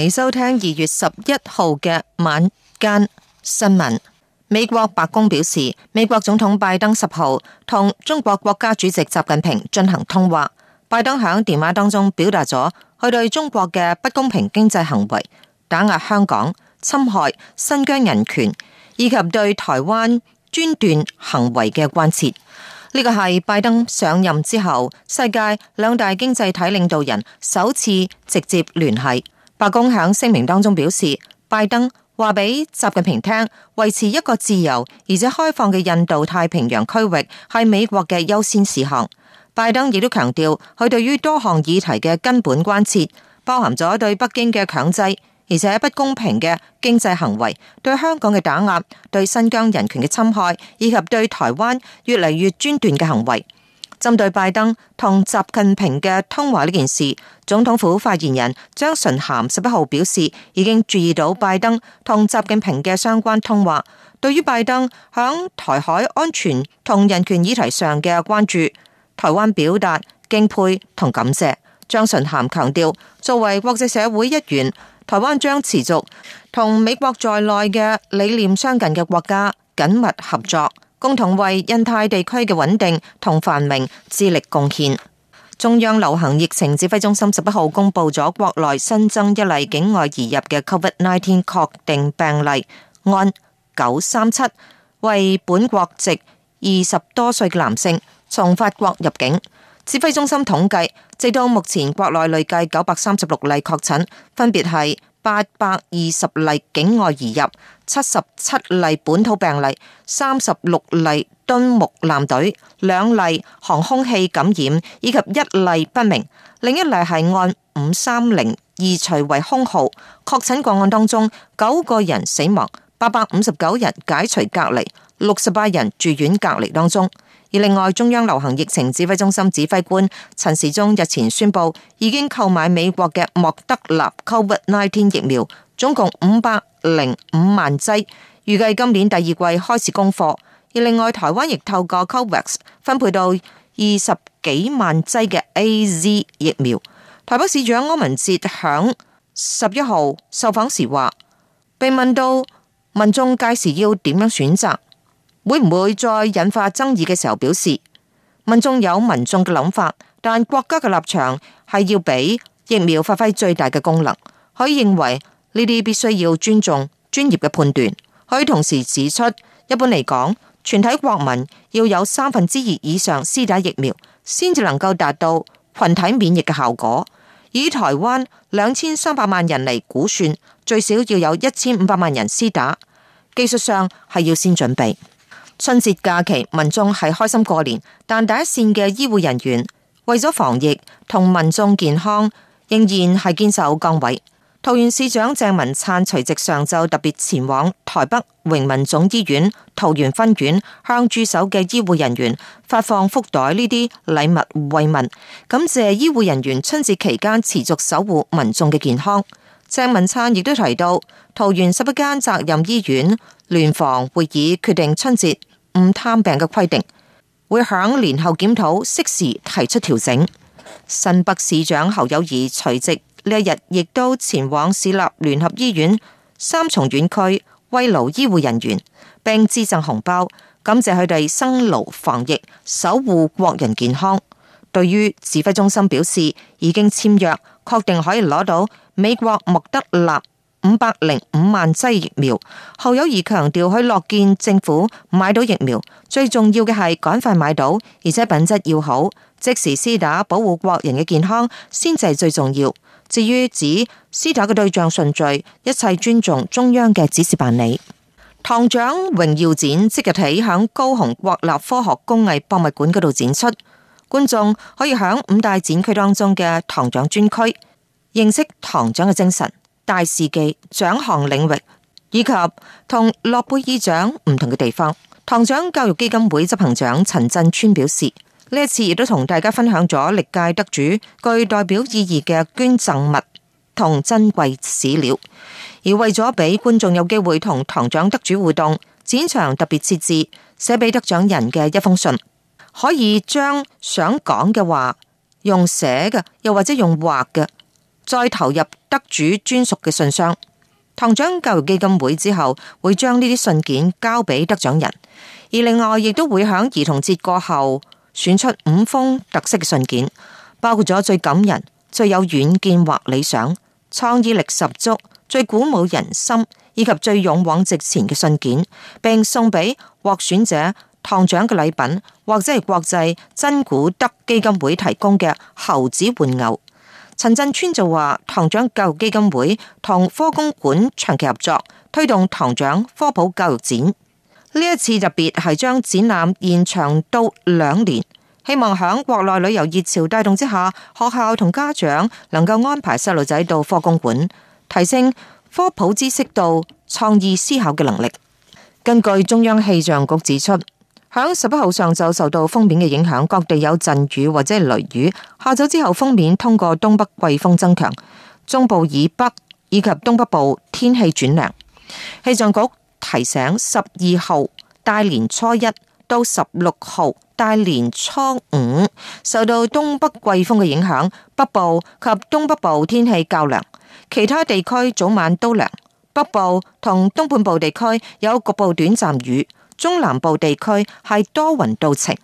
你收聽二月十一號嘅晚間新聞。美國白宮表示，美國總統拜登十號同中國國家主席習近平進行通話。拜登響電話當中表達咗，佢對中國嘅不公平經濟行為、打壓香港、侵害新疆人權以及對台灣專斷行為嘅關切。呢個係拜登上任之後，世界兩大經濟體領導人首次直接聯繫。白宮響聲明當中表示，拜登話俾習近平聽，維持一個自由而且開放嘅印度太平洋區域係美國嘅優先事項。拜登亦都強調，佢對於多項議題嘅根本關切，包含咗對北京嘅強制而且不公平嘅經濟行為、對香港嘅打壓、對新疆人權嘅侵害，以及對台灣越嚟越專斷嘅行為。針對拜登同習近平嘅通話呢件事，總統府發言人張純涵十一號表示，已經注意到拜登同習近平嘅相關通話，對於拜登響台海安全同人權議題上嘅關注，台灣表達敬佩同感謝。張純涵強調，作為國際社會一員，台灣將持續同美國在內嘅理念相近嘅國家緊密合作。共同為印太地區嘅穩定同繁榮致力貢獻。中央流行疫情指揮中心十一號公布咗國內新增一例境外移入嘅 Covid nineteen 確定病例，案九三七，為本國籍二十多歲嘅男性，從法國入境。指揮中心統計，直到目前國內累計九百三十六例確診，分別係。八百二十例境外移入，七十七例本土病例，三十六例敦睦艦隊，兩例航空器感染，以及一例不明。另一例係按五三零移除為空號。確診個案當中，九個人死亡，八百五十九人解除隔離，六十八人住院隔離當中。而另外，中央流行疫情指揮中心指揮官陳時中日前宣布，已經購買美國嘅莫德納 COVID-19 疫苗，總共五百零五萬劑，預計今年第二季開始供貨。而另外，台灣亦透過 COVAX 分配到二十幾萬劑嘅 AZ 疫苗。台北市長柯文哲響十一號受訪時話，被問到民眾屆時要點樣選擇。會唔會再引發爭議嘅時候，表示民眾有民眾嘅諗法，但國家嘅立場係要俾疫苗發揮最大嘅功能。佢認為呢啲必須要尊重專業嘅判斷。佢同時指出，一般嚟講，全體國民要有三分之二以上施打疫苗，先至能夠達到群體免疫嘅效果。以台灣兩千三百萬人嚟估算，最少要有一千五百萬人施打。技術上係要先準備。春節假期民眾係開心過年，但第一線嘅醫護人員為咗防疫同民眾健康，仍然係堅守崗位。桃園市長鄭文燦隨即上晝特別前往台北榮民總醫院桃園分院，向駐守嘅醫護人員發放福袋呢啲禮物慰問，感謝醫護人員春節期間持續守護民眾嘅健康。鄭文燦亦都提到，桃園十一間責任醫院聯防會議決定春節唔探病嘅規定，會響年後檢討，適時提出調整。新北市長侯友宜除夕呢一日亦都前往市立聯合醫院三重院區慰勞醫護人員，並致贈紅包，感謝佢哋生勞防疫，守護國人健康。對於指揮中心表示，已經簽約，確定可以攞到美國莫德納，五百零五萬劑疫苗，侯友宜強調，佢樂見政府買到疫苗，最重要嘅係趕快買到，而且品質要好，即時施打，保護國人嘅健康先至係最重要。至於指施打嘅對象順序，一切尊重中央嘅指示辦理。唐獎榮耀展即日起響高雄國立科學工藝博物館嗰度展出，觀眾可以響五大展區當中嘅唐獎專區認識唐獎嘅精神。大事記、獎項領域以及諾貝爾同諾貝爾獎唔同嘅地方，唐獎教育基金會執行長陳振川表示，呢一次亦都同大家分享咗歷屆得主具代表意義嘅捐贈物同珍貴史料，而為咗俾觀眾有機會同唐獎得主互動，展場特別設置寫俾得獎人嘅一封信，可以將想講嘅話用寫嘅，又或者用畫嘅，再投入得主專屬嘅信箱，唐獎教育基金會之後會將呢啲信件交俾得獎人，而另外亦都會響兒童節過後選出五封特色嘅信件，包括咗最感人、最有遠見或理想、創意力十足、最鼓舞人心以及最勇往直前嘅信件，並送俾獲選者唐獎嘅禮品，或者係國際珍古德基金會提供嘅猴子玩偶。陳振川就話，堂長教育基金會同科公館長期合作，推動堂長科普教育展。呢一次特別係將展覽延長到兩年，希望響國內旅遊熱潮帶動之下，學校同家長能夠安排細路仔到科公館，提升科普知識度創意思考嘅能力。根據中央氣象局指出，喺十一號上晝受到鋒面嘅影響，各地有陣雨或者雷雨。下晝之後，鋒面通過東北季風增強，中部以北以及東北部天氣轉涼。氣象局提醒，十二號大年初一到十六號大年初五，受到東北季風嘅影響，北部及東北部天氣較涼，其他地區早晚都涼。北部同東半部地區有局部短暫雨。中南部地區係多雲到晴，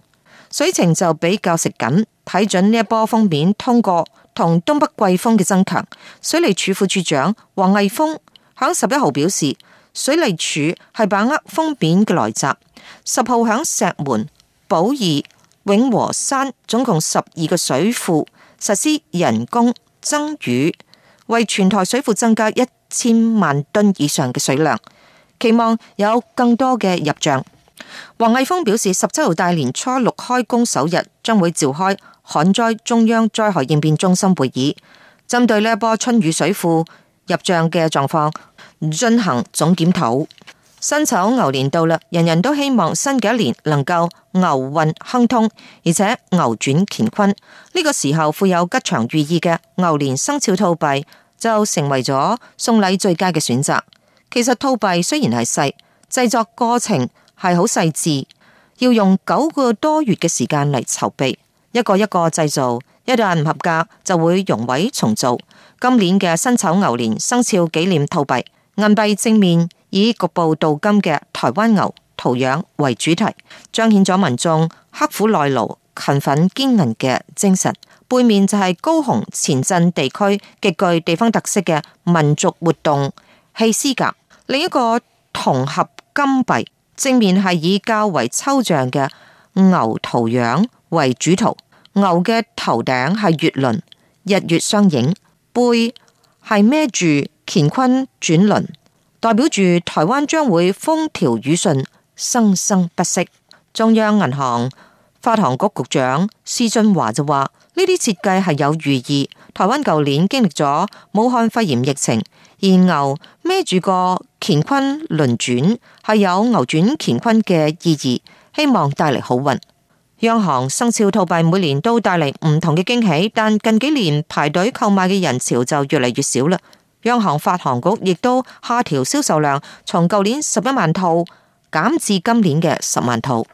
水情就比較食緊，睇準呢一波鋒面通過同東北季風嘅增強。水利署副署長黃毅峰喺十一號表示，水利署係把握鋒面嘅來襲，十號喺石門、寶二、永和山總共十二個水庫實施人工增雨，為全台水庫增加一千萬噸以上嘅水量。期望有更多嘅入賬。黃毅峰表示，十七號大年初六開工首日，將會召開旱災中央災害應變中心會議，針對呢一波春雨水庫入賬嘅狀況進行總檢討。辛丑牛年到啦，人人都希望新嘅一年能夠牛運亨通，而且牛轉乾坤。呢、這個時候富有吉祥寓意嘅牛年生肖套幣就成為咗送禮最佳嘅選擇。其實套幣雖然係細，製作過程係好細致，要用九個多月嘅時間嚟籌備，一個一個製造，一旦唔合格就會熔毀重做。今年嘅辛丑牛年生肖紀念套幣，銀幣正面以局部鍍金嘅台灣牛圖樣為主題，彰顯咗民眾刻苦耐勞、勤奮堅韌嘅精神；背面就係高雄前鎮地區極具地方特色嘅民族活動——戲獅甲。另一個銅合金幣正面係以較為抽象嘅牛圖樣為主圖，牛嘅頭頂係月輪，日月相影，背係孭住乾坤轉輪，代表住台灣將會風調雨順、生生不息。中央銀行發行局局長施俊華就話：呢啲設計係有寓意。台灣舊年經歷咗武漢肺炎疫情，而牛孭住個乾坤輪轉，係有牛轉乾坤嘅意義，希望帶嚟好運。央行生肖套幣每年都帶嚟唔同嘅驚喜，但近幾年排隊購買嘅人潮就越嚟越少啦。央行發行局亦都下調銷售量，從舊年十一萬套減至今年嘅十萬套。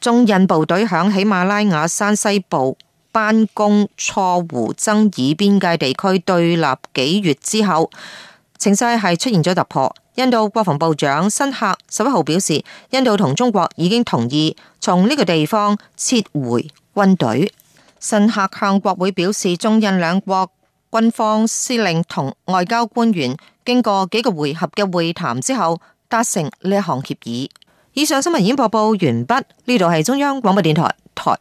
中印部隊響喜馬拉雅山西部，翻工錯湖爭議邊界地區對立幾月之後，情勢係出現咗突破。印度國防部長辛克十一號表示，印度同中國已經同意從呢個地方撤回軍隊，辛克向國會表示，中印兩國軍方司令同外交官員經過幾個回合嘅會談之後達成呢一項協議，以上新聞已經播報完畢，呢度係中央廣播電台台。